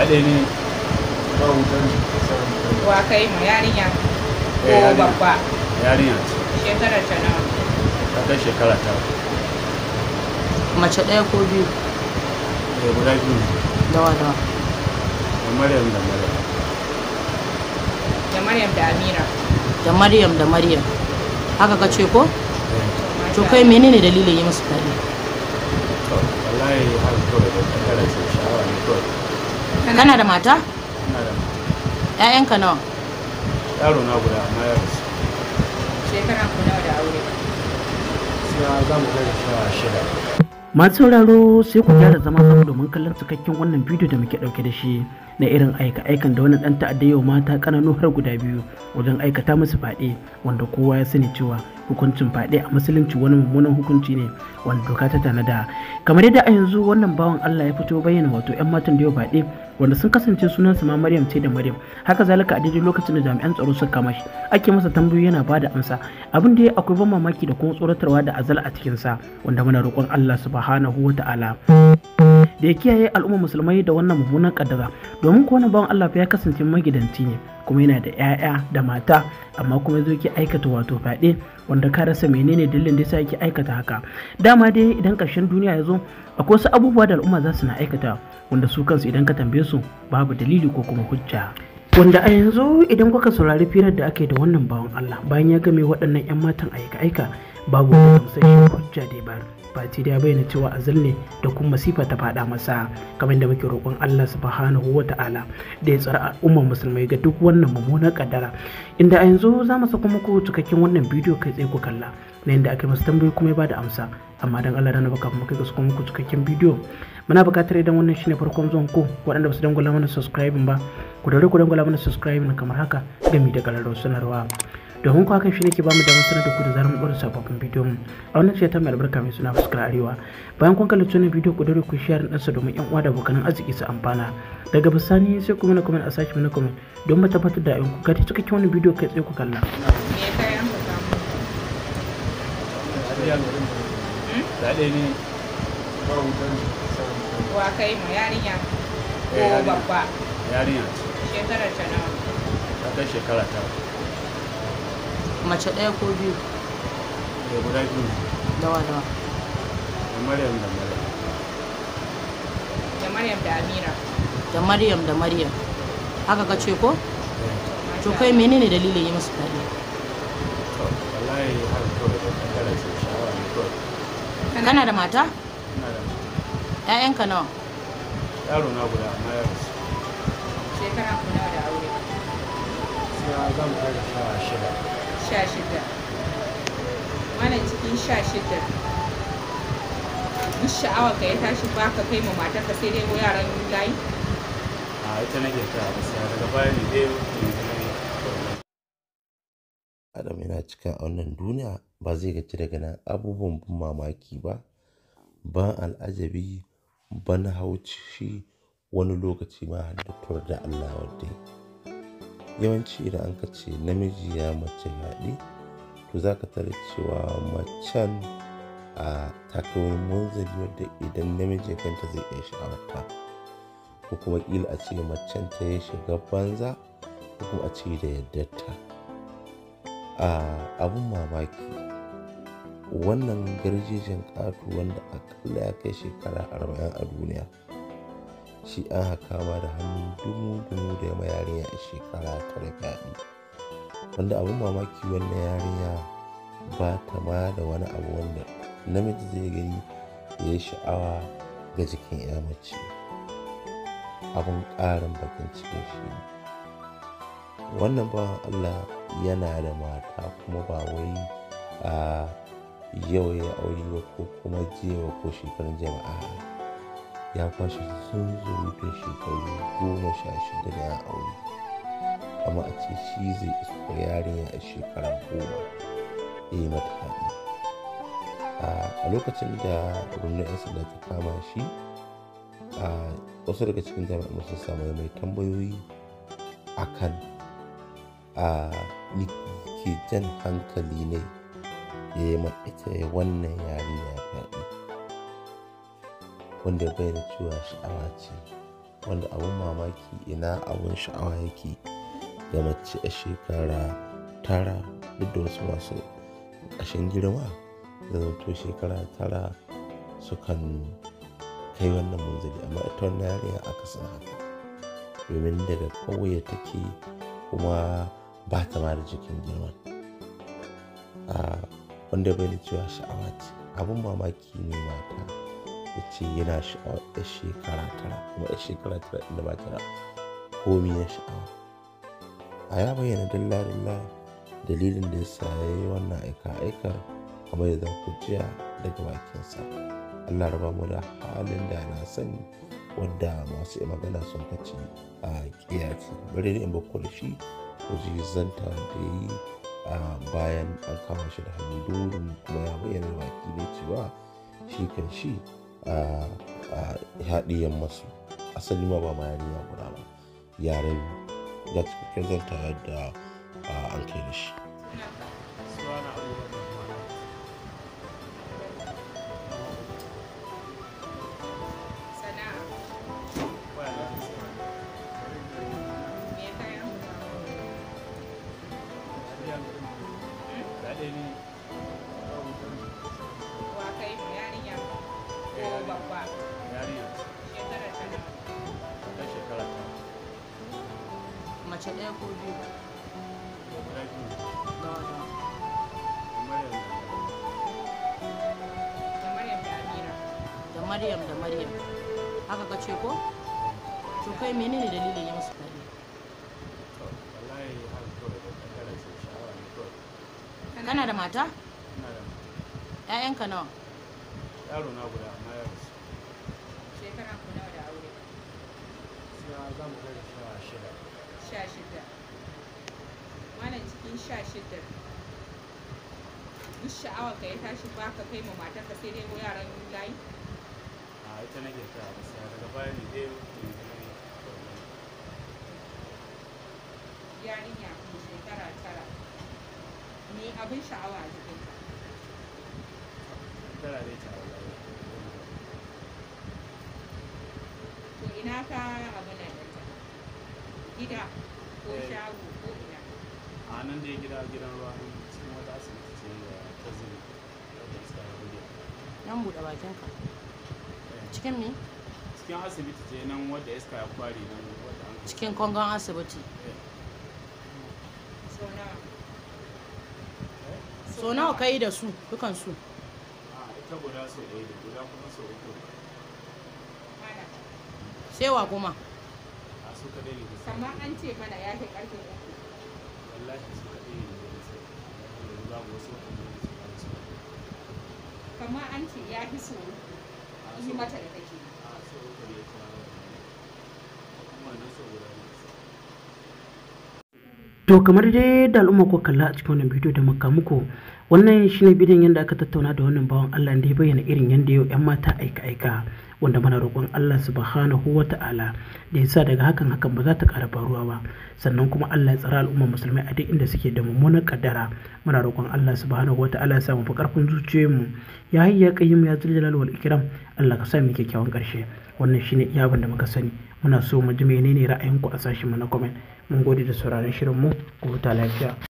guda ɗaya ne wa kai mu yarinya eh, ko babba yarinya ce shekarar ta nawa ta kai shekara ta mace ɗaya ko biyu da eh, guda biyu dawa dawa da maryam da maryam da maryam da amira da maryam da maryam haka ka ce ko eh. to kai menene dalilin yi masu musu fadi wallahi har kawai da kakara ce kana da mata ƴaƴanka nawa yaro na guda amma ya rasu shekara ku da aure sai za mu kai shekara shida masu sauraro sai ku gyara zama saboda mun kallon cikakken wannan bidiyo da muke ɗauke da shi na irin aika-aikan da wani ɗan ta'adda yau mata ƙananu har guda biyu wajen aikata musu faɗe wanda kowa ya sani cewa hukuncin faɗe a musulunci wani mummunan hukunci ne wanda doka ta tanada kamar yadda a yanzu wannan bawan Allah ya fito bayyana wato 'yan matan da yau fade wanda sun kasance sunan ma Maryam ce da Maryam haka zalika a daidai lokacin da jami'an tsaro suka kama shi ake masa tambayoyi yana bada amsa abin da ya akwai ban mamaki da kuma tsoratarwa da azal a cikinsa wanda muna roƙon Allah subhanahu wa da ya kiyaye al'ummar musulmai da wannan mummunan kaddara domin kuwa bawan Allah ya kasance magidanci ne kuma yana da 'ya'ya da mata amma kuma zo ki aikata wato fyaɗe wanda ka rasa menene dalilin da yasa yake aikata haka dama dai idan ƙarshen duniya ya zo akwai wasu abubuwa da al'umma za su na aikata wanda su kansu idan ka tambaye su babu dalili ko kuma hujja wanda a yanzu idan kuka saurari firar da ake da wannan bawan Allah bayan ya game waɗannan 'yan matan aika-aika babu wata hujja da ya bayar face da ya bayyana cewa azal ne da kuma masifa ta faɗa masa kamar da muke roƙon Allah subhanahu wa ta'ala da ya tsara al'ummar musulmai ga duk wannan mummunar kaddara inda a yanzu za mu saka muku cikakken wannan bidiyo kai tsaye ku kalla na yadda aka masu tambayi kuma ya bada amsa amma dan Allah dana baka kuma kai ga saka muku cikakken bidiyo muna buƙatar idan wannan shine farkon zuwan ku waɗanda ba su dangula mana subscribing ba ku dare ku dangula mana subscribing kamar haka gami da kararrawa sanarwa domin kwa kan shi nake bamu damar sanar da ku da zarar mun sababbin mu a wannan ce ta mai albarka mai suna fuskar arewa bayan kun kalli sunan bidiyo ku dare ku share ɗansa domin yan uwa da abokan arziki su amfana daga bisani sai ku mana comment a sashi mana comment don mu tabbatar da ku ka ta cikin wannan bidiyo kai tsaye ku kalla. Wa kai mu eh, yarinya ko babba? Yarinya. Shekara ta nawa? Ta kai shekara ta. mace ɗaya ko biyu da guda biyu dawa dawa da maryam da maryam da maryam da amira da maryam da maryam haka ka ce ko eh. to kai menene dalilin yi musu fadi kana da mata ina da nawa yaro na guda amma ya rasu shekara kuna da aure sai zan kai da shawara shida sha wannan cikin sha shida duk sha'awar ka ya tashi ba ka kai ma matar ka sai dai ko yaran layi a ita nake ta sai daga baya ne dai Adam yana cika a wannan duniya ba zai gaci daga nan abubuwan bin mamaki ba ban al'ajabi ban hauci wani lokaci ma har da Allah wadda yawanci idan an ka ce namiji ya mace yaɗi to za ka tare cewa macen a takawar munzali wadda idan namiji kanta zai iya sha'awarta ko kuma ƙila a ce macen ta ya shiga banza ko kuma a ce da yardarta a abun mamaki wannan garjejen ƙato wanda akalla ya kai shekara arba'in a duniya shi an hakama da hannu dumu dumu da yama yarinya a shekara ta gaɗi wanda abin mamaki wannan yarinya ba ta ma da wani abu wanda namiji zai gani ya sha'awa ga jikin ya mace abin ƙarin bakin cikin shi wannan ba allah yana da mata kuma ba wai a yau ya aure ko kuma jiya ko shekarun jama'a ya kwashe zunzurutun shekaru goma sha shida da aure amma a ce shi zai isko yarinya a shekara goma ya yi mata haɗi a lokacin da rundunar 'yan da ta kama shi a wasu daga cikin jami'an sun samu mai tambayoyi akan a ke jan hankali ne ya yi ita wannan yarinya fyaɗe wanda bai da cewa sha'awa ce wanda abun mamaki ina abin sha'awa yake ga mace a shekara tara duk da wasu masu ƙashin girma zato shekara tara sukan kai wannan munzali amma ita wannan yarinya aka san haka domin daga ƙauye take kuma ba ta ma da jikin girma ah, wanda bai da cewa sha'awa ce abin mamaki ne mata ya ce yana sha'awar ya shekara tara kuma ya shekara tara inda ba tara komi ya sha'awa a ya bayyana dalla-dalla dalilin da ya yi wannan aika-aikar kamar da za daga bakinsa allah raba mu da halin da na sani wadda masu magana sun kace a kiyaci bari da in ba da shi ji zanta da yi a bayan an kama shi da hannu dorin kuma ya bayyana baki da cewa shi kan shi a haɗiyan masu asali ma ba ma ya guda ba yaren ga cikakken zanta yadda an kai da shi ko biyu da wata da maryam da maryam da maryam haka ka ce ko to kai menene dalilin yin su fadi kana da mata? ina da mata ‘ya'yanka nawa? yaro na guda amma ya rasu shekara ku nawa da aure? sai za mu shida sha wannan cikin sha duk sha'awar ka ya tashi ba ka kai ma mata ka sai dai ko yaran layi a ita nake ta gaskiya daga baya ne dai yarinya mai shekara tara abin sha'awa a jikinka tara dai ta to ina ka abin gida ko eh. shago ko ina a nan dai gida gidan ruwa ne cikin wata asibiti ce da ta zuri da iska ya nan buɗe bakin ka eh. cikin me cikin asibiti ce nan wadda iska ya kware nan wadda an cikin kongon asibiti eh. so nawa kai da su dukan su ah, ta guda so ɗaya da guda kuma so uku sai kuma su kadai ne kamar an ce mana ya fi karfe uku wallahi su kadai ne yanzu babu wasu wanda ne su kadai su kamar an ce ya fi so yi mata da take a so uku ne ta kuma na so guda ne to kamar dai da al'umma ko kalla a cikin wannan bidiyo da muka muku wannan shine bidiyon yadda aka tattauna da wannan bawan Allah da ya bayyana irin yadda yau 'yan mata aika aika wanda muna roƙon Allah subhanahu wa ta'ala da yasa daga hakan hakan ba za ta ƙara faruwa ba sannan kuma Allah ya tsara al'ummar musulmai a duk inda suke da mummunan kaddara muna roƙon Allah subhanahu wa ta'ala ya samu fa ƙarfin zuciyoyinmu ya hayya qayyim ya zul jalal wal ikram Allah ka sa mu kyakkyawan ƙarshe wannan shine iya da muka sani muna so mu ji menene ra'ayinku a sashin mu na comment mun gode da sauraron shirin mu ku huta lafiya